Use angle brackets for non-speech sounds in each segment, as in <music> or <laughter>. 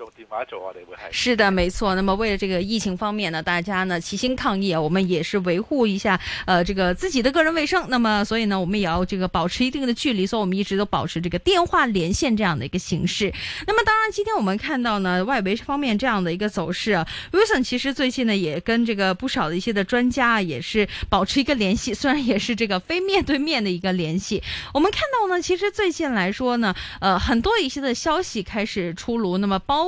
用電話做，我哋會係是的，沒錯。那麼為了這個疫情方面呢，大家呢齊心抗疫，我們也是維護一下，呃，這個自己的個人衛生。那麼所以呢，我們也要這個保持一定的距離，所以我們一直都保持這個電話連線這樣的一個形式。那麼當然，今天我們看到呢，外圍方面這樣的一個走勢啊 Wilson 其實最近呢也跟這個不少的一些的專家啊，也是保持一個聯繫，雖然也是這個非面對面的一個聯繫。我們看到呢，其實最近來說呢，呃，很多一些的消息開始出爐，那麼包。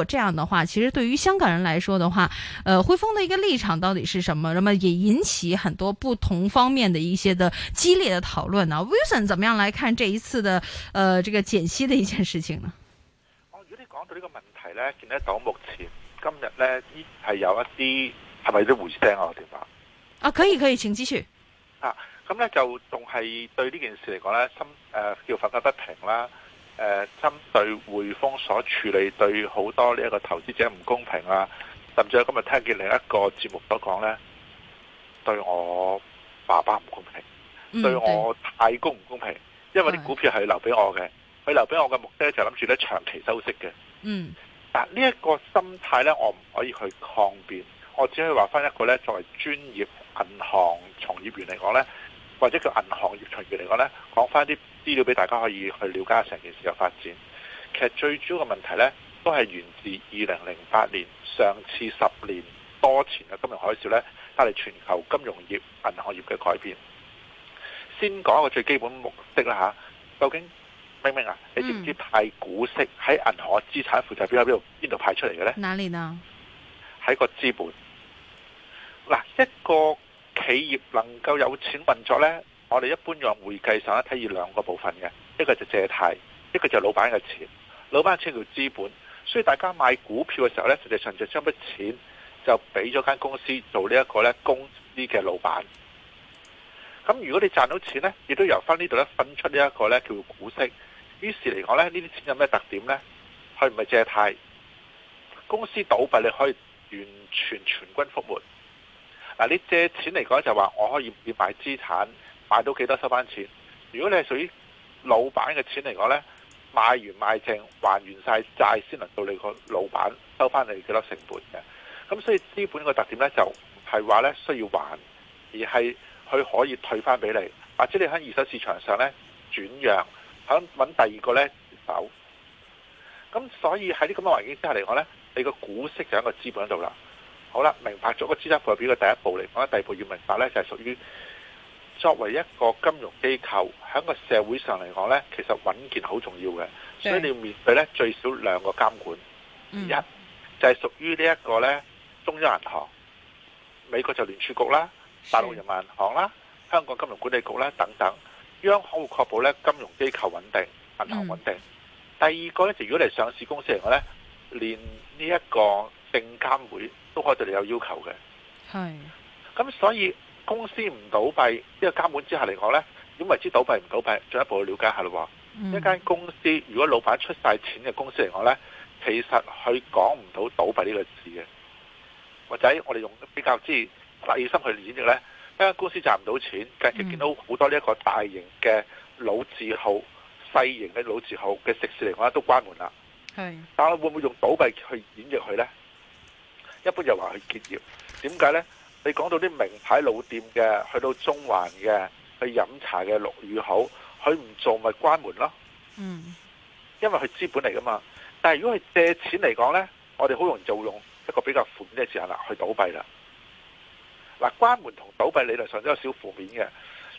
如果這樣的話，其實對於香港人來說的話，呃，匯豐的一個立場到底是什麼？那麼也引起很多不同方面的一些的激烈的討論呢、啊。Wilson 怎麼樣來看這一次的呃這個減息的一件事情呢？我、哦、如果你講到呢個問題呢，見得到目前今日呢係有一啲係咪有啲回聲啊電話啊，可以可以請繼續啊。咁呢就仲係對呢件事嚟講呢心、誒、呃、叫憤憤不平啦。誒，針對匯豐所處理對好多呢一個投資者唔公平啊，甚至我今日聽見另一個節目所講呢對我爸爸唔公平，對我太公唔公平，嗯、因為啲股票係留俾我嘅，佢留俾我嘅目的就諗住咧長期收息嘅。嗯，但呢一個心態呢，我唔可以去抗辯，我只可以話翻一個呢作為專業銀行從業員嚟講呢。或者叫銀行業層面嚟講呢，講翻啲資料俾大家可以去了解成件事嘅發展。其實最主要嘅問題呢，都係源自二零零八年上次十年多前嘅金融海嘯呢，帶嚟全球金融業、銀行業嘅改變。先講一個最基本目的啦嚇，究竟明明啊，你知唔知派股息喺銀行嘅資產負債表喺邊度邊度派出嚟嘅呢？哪裡呢？喺個資本嗱一個。企業能夠有錢運作呢，我哋一般用會計上咧睇有兩個部分嘅，一個就是借貸，一個就是老闆嘅錢。老闆嘅錢叫資本，所以大家買股票嘅時候呢，實際上就將筆錢就俾咗間公司做呢一個呢公司嘅老闆。咁如果你賺到錢呢，亦都由翻呢度呢分出呢一個呢叫股息。於是嚟講呢，呢啲錢有咩特點呢？佢唔係借貸。公司倒閉你可以完全全軍覆沒。嗱，你借錢嚟講就話我可以要買資產，買到幾多收翻錢。如果你係屬於老闆嘅錢嚟講呢，賣完賣淨，還完晒債先能到你個老闆收翻你幾多成本嘅。咁所以資本嘅特點呢，就係話呢需要還，而係佢可以退翻俾你，或者你喺二手市場上呢轉讓，響揾第二個呢接手。咁所以喺啲咁嘅環境之下嚟講呢，你個股息就喺個資本度啦。好啦，明白咗個資產負債表嘅第一步嚟講，第二步要明白呢，就係、是、屬於作為一個金融機構喺個社會上嚟講呢，其實穩健好重要嘅，所以你要面對呢最少兩個監管，嗯、一就係、是、屬於呢一個呢中央銀行，美國就聯儲局啦，大陸人民銀行啦，香港金融管理局啦等等，央行會確保呢金融機構穩定，銀行穩定。嗯、第二個呢，就如果你上市公司嚟講呢，連呢一個證監會。都可以對你有要求嘅，係，咁所以公司唔倒閉，呢、這個監管之下嚟講呢，點為之倒閉唔倒閉？進一步去了解一下啦。話、嗯、一間公司如果老闆出晒錢嘅公司嚟講呢，其實佢講唔到倒閉呢個字嘅。或者我哋用比較之細心去演繹呢，一間公司賺唔到錢，近期見到好多呢一個大型嘅老字號、細、嗯、型嘅老字號嘅食肆嚟講都關門啦。係，但係會唔會用倒閉去演繹佢呢？一般又話佢結業，點解呢？你講到啲名牌老店嘅，去到中環嘅，去飲茶嘅陸羽好，佢唔做咪關門咯？嗯，因為佢資本嚟噶嘛。但係如果係借錢嚟講呢，我哋好容易就用一個比較負面嘅字眼啦，去倒閉啦。嗱、啊，關門同倒閉理論上都有少負面嘅，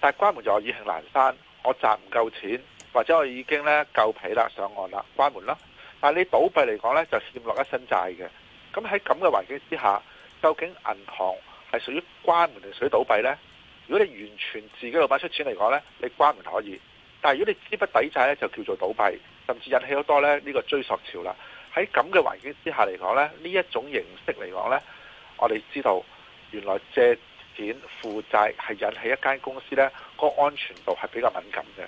但係關門就係意興闌珊，我賺唔夠錢或者我已經呢夠皮啦，上岸啦，關門啦。但係你倒閉嚟講呢，就欠落一身債嘅。咁喺咁嘅環境之下，究竟銀行係屬於關門定屬於倒閉呢？如果你完全自己老闆出錢嚟講呢，你關門可以；但係如果你資不抵債呢，就叫做倒閉，甚至引起好多呢呢、呢個追索潮啦。喺咁嘅環境之下嚟講呢，呢一種形式嚟講呢，我哋知道原來借錢負債係引起一間公司呢、呢個安全度係比較敏感嘅。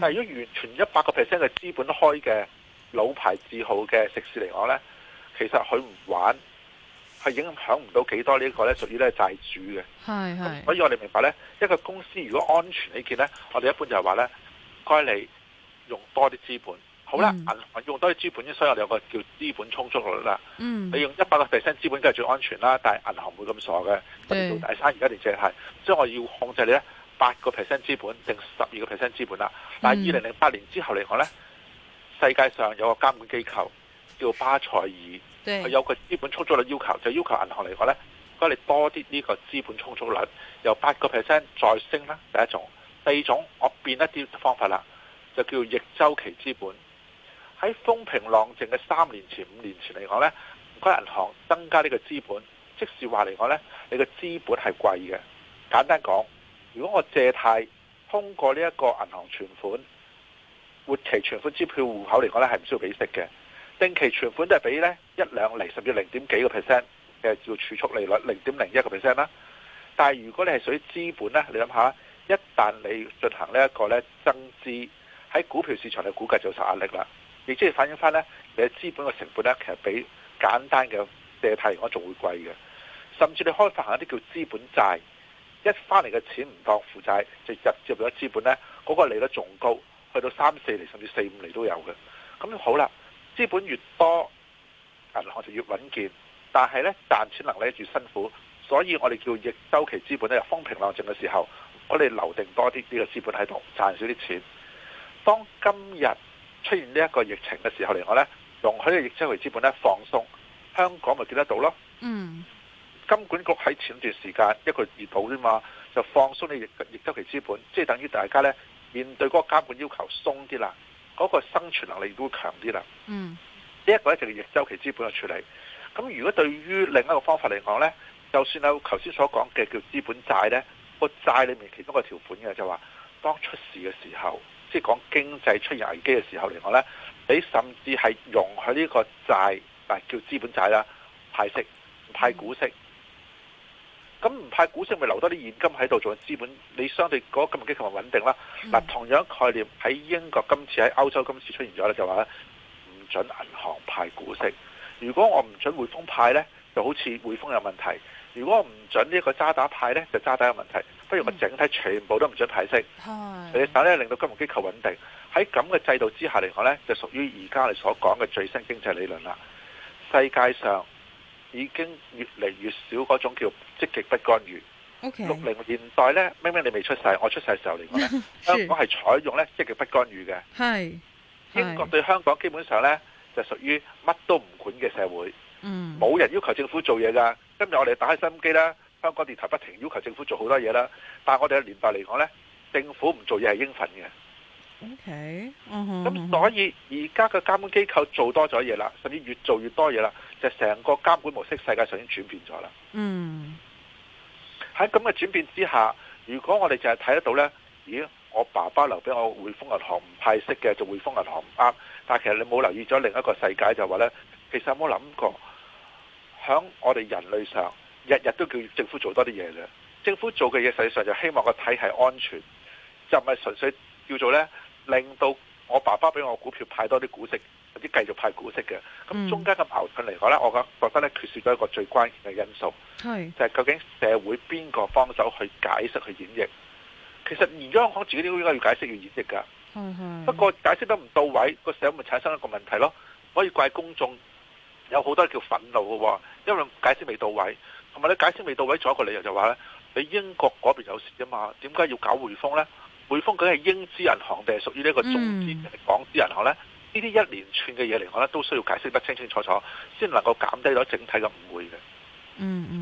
但係如果完全一百個 percent 嘅資本開嘅老牌字號嘅食肆嚟講呢。其實佢唔玩，係影響唔到幾多這個呢個咧，屬於咧債主嘅。係所以我哋明白咧，一個公司如果安全起見咧，我哋一般就係話咧，該你用多啲資本。好啦，銀、嗯、行用多啲資本，所以我哋有個叫資本充足率啦。嗯、你用一百個 percent 資本都係最安全啦，但係銀行唔會咁傻嘅。嗯。到第三而家年正係，即係我要控制你咧，八個 percent 資本定十二個 percent 資本啦。但係二零零八年之後嚟講咧，世界上有個監管機構。叫巴塞爾，佢有個資本充足率要求，就是、要求銀行嚟講呢，如果你多啲呢個資本充足率由八個 percent 再升啦。第一種，第二種我變一啲方法啦，就叫逆週期資本。喺風平浪靜嘅三年前、五年前嚟講呢，如果銀行增加呢個資本，即是話嚟講呢，你嘅資本係貴嘅。簡單講，如果我借貸通過呢一個銀行存款、活期存款、支票戶口嚟講呢，係唔需要俾息嘅。定期存款都係俾呢一兩厘，甚至零點幾個 percent 嘅，叫儲蓄利率零點零一個 percent 啦。但係如果你係屬於資本呢，你諗下，一旦你進行呢一個呢增資喺股票市場嘅股價就受壓力啦。亦即係反映翻呢，你嘅資本嘅成本呢，其實比簡單嘅借貸嚟講仲會貴嘅。甚至你開發行一啲叫資本債，一翻嚟嘅錢唔當負債，就直接入咗資本呢，嗰個利率仲高，去到三四厘甚至四五厘都有嘅。咁好啦。資本越多，銀行就越穩健，但係呢，賺錢能力越辛苦，所以我哋叫逆周期資本咧，風平浪靜嘅時候，我哋留定多啲呢個資本喺度，賺少啲錢。當今日出現呢一個疫情嘅時候嚟講，呢容許個逆周期資本呢放鬆，香港咪見得到咯？嗯，金管局喺前段時間一個月度啫嘛，就放鬆你逆逆周期資本，即係等於大家呢面對嗰個監管要求鬆啲啦。嗰個生存能力亦都強啲啦。嗯，呢一個咧就係逆周期資本嘅處理。咁如果對於另一個方法嚟講呢，就算有頭先所講嘅叫資本債呢，個債裏面其中一個條款嘅就話，當出事嘅時候，即係講經濟出現危機嘅時候嚟講呢，你甚至係容許呢個債，唔叫資本債啦，派息派股息。咁唔派股息咪留多啲現金喺度做資本，你相對嗰個金融機構咪穩定啦？嗱，同樣概念喺英國今次喺歐洲今次出現咗咧，就話咧唔準銀行派股息。如果我唔準匯豐派呢，就好似匯豐有問題；如果我唔準呢個渣打派呢，就渣打有問題。不如我整體全部都唔準派息，令到金融機構穩定。喺咁嘅制度之下嚟講呢，就屬於而家你所講嘅最新經濟理論啦。世界上已經越嚟越少嗰種叫。積極不干預。六、okay. 零年代呢，明明你未出世，我出世嘅時候嚟講呢 <laughs> 是，香港係採用呢積極不干預嘅。係英國對香港基本上呢，就屬於乜都唔管嘅社會。冇、嗯、人要求政府做嘢㗎。今日我哋打開收音機啦，香港電台不停要求政府做好多嘢啦。但係我哋嘅年代嚟講呢，政府唔做嘢係應份嘅。咁、okay. 所以而家嘅監管機構做多咗嘢啦，甚至越做越多嘢啦，就成個監管模式世界上已經轉變咗啦。嗯。喺咁嘅轉變之下，如果我哋淨係睇得到呢，咦？我爸爸留俾我匯豐銀行唔派息嘅，就匯豐銀行唔啱。但係其實你冇留意咗另一個世界，就話呢，其實有冇諗過？響我哋人類上，日日都叫政府做多啲嘢嘅。政府做嘅嘢，實際上就希望個體系安全，就唔係純粹叫做呢，令到我爸爸俾我股票派多啲股息。啲繼續派股息嘅，咁中間嘅矛盾嚟講呢，嗯，我覺得呢缺少咗一個最關鍵嘅因素，就係、是、究竟社會邊個幫手去解釋去演繹？其實而家自己都應該要解釋要演繹噶。嗯，不過解釋得唔到位，個社會咪產生一個問題咯。可以怪公眾有好多叫憤怒嘅喎，因為解釋未到位，同埋你解釋未到位，仲有一個理由就話呢：你英國嗰邊有事啫嘛，點解要搞匯豐呢？匯豐佢係英資銀行定係屬於呢個中資定港資銀行呢？呢啲一連串嘅嘢嚟講咧，都需要解釋得清清楚楚，先能夠減低咗整體嘅誤會嘅。嗯嗯。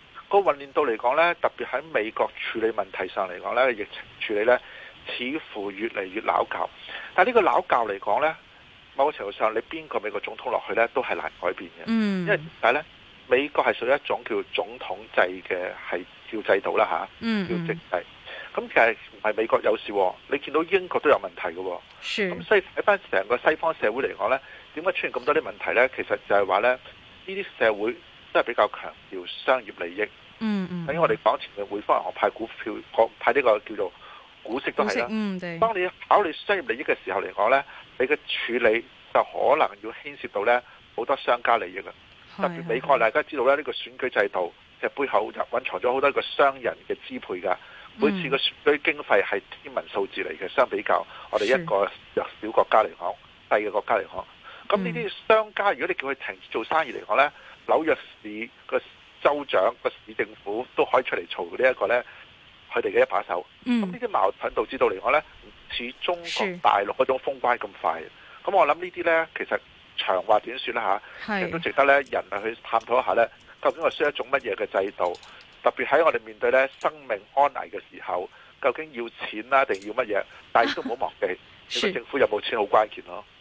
那個混亂度嚟講呢，特別喺美國處理問題上嚟講呢，疫情處理呢，似乎越嚟越拗撬。但係呢個拗撬嚟講呢，某個程度上你邊個美國總統落去呢，都係難改變嘅。Mm. 因為但係呢，美國係屬於一種叫總統制嘅係叫制度啦嚇。嗯、啊。Mm. 叫政制，制。咁其實唔係美國有事、哦，你見到英國都有問題嘅、哦。是。咁所以喺翻成個西方社會嚟講呢，點解出現咁多啲問題呢？其實就係話呢，呢啲社會。都係比較強調商業利益。嗯嗯，等於我哋講前面，匯豐銀行派股票，派呢個叫做股息都係啦。嗯，當你考慮商業利益嘅時候嚟講呢，你嘅處理就可能要牽涉到呢好多商家利益啊。特別美國，大家知道咧，呢、這個選舉制度即背後就蘊藏咗好多個商人嘅支配㗎、嗯。每次個選舉經費係天文數字嚟嘅，相比較我哋一個弱小國家嚟講，細嘅國家嚟講，咁呢啲商家，如果你叫佢停止做生意嚟講呢。紐約市個州長個市政府都可以出嚟做呢一個呢，佢哋嘅一把手。咁呢啲矛盾導致到嚟講呢，唔似中國大陸嗰種封關咁快。咁我諗呢啲呢，其實長話短說啦吓，亦都都值得呢人類去探討一下呢，究竟我需要一種乜嘢嘅制度？特別喺我哋面對呢生命安危嘅時候，究竟要錢啦、啊，定要乜嘢？但係都唔好忘記，呢 <laughs> 個政府有冇錢好關鍵咯、啊。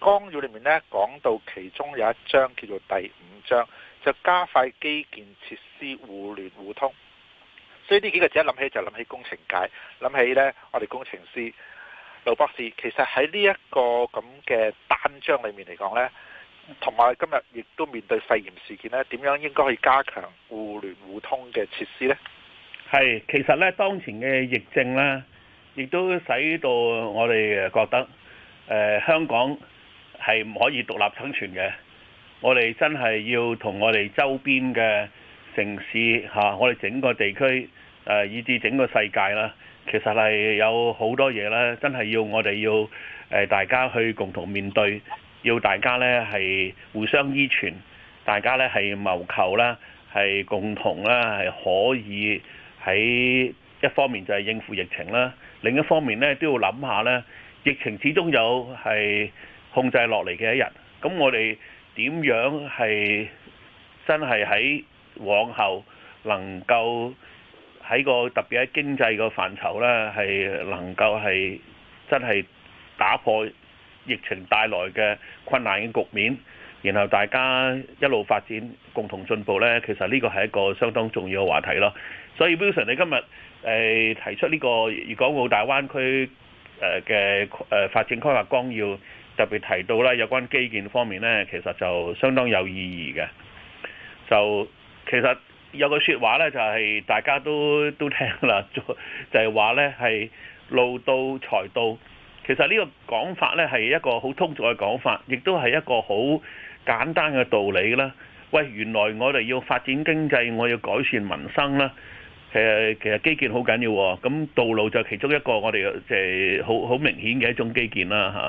綱要裏面呢，講到其中有一章叫做第五章，就加快基建設施互聯互通。所以呢幾個字一諗起就諗起工程界，諗起呢，我哋工程師劉博士。其實喺呢一個咁嘅單章裏面嚟講呢，同埋今日亦都面對肺炎事件呢，點樣應該去加強互聯互通嘅設施呢？係，其實呢，當前嘅疫症呢，亦都使到我哋覺得誒、呃、香港。係唔可以獨立生存嘅。我哋真係要同我哋周邊嘅城市吓，我哋整個地區誒，以至整個世界啦，其實係有好多嘢啦，真係要我哋要誒大家去共同面對，要大家咧係互相依存，大家咧係謀求啦，係共同啦，係可以喺一方面就係應付疫情啦，另一方面咧都要諗下咧，疫情始終有係，控制落嚟嘅一日，咁我哋點樣係真係喺往後能夠喺個特別喺經濟個範疇咧，係能夠係真係打破疫情帶來嘅困難嘅局面，然後大家一路發展共同進步咧。其實呢個係一個相當重要嘅話題咯。所以，Wilson，你今日誒提出呢個粵港澳大灣區誒嘅誒發展規劃綱要。特別提到咧，有關基建方面呢，其實就相當有意義嘅。就其實有個説話呢，就係大家都都聽啦，就係話呢係路到財到。其實呢個講法呢，係一個好通俗嘅講法，亦都係一個好簡單嘅道理啦。喂，原來我哋要發展經濟，我要改善民生啦。其實基建好緊要，咁道路就其中一個我哋即係好好明顯嘅一種基建啦，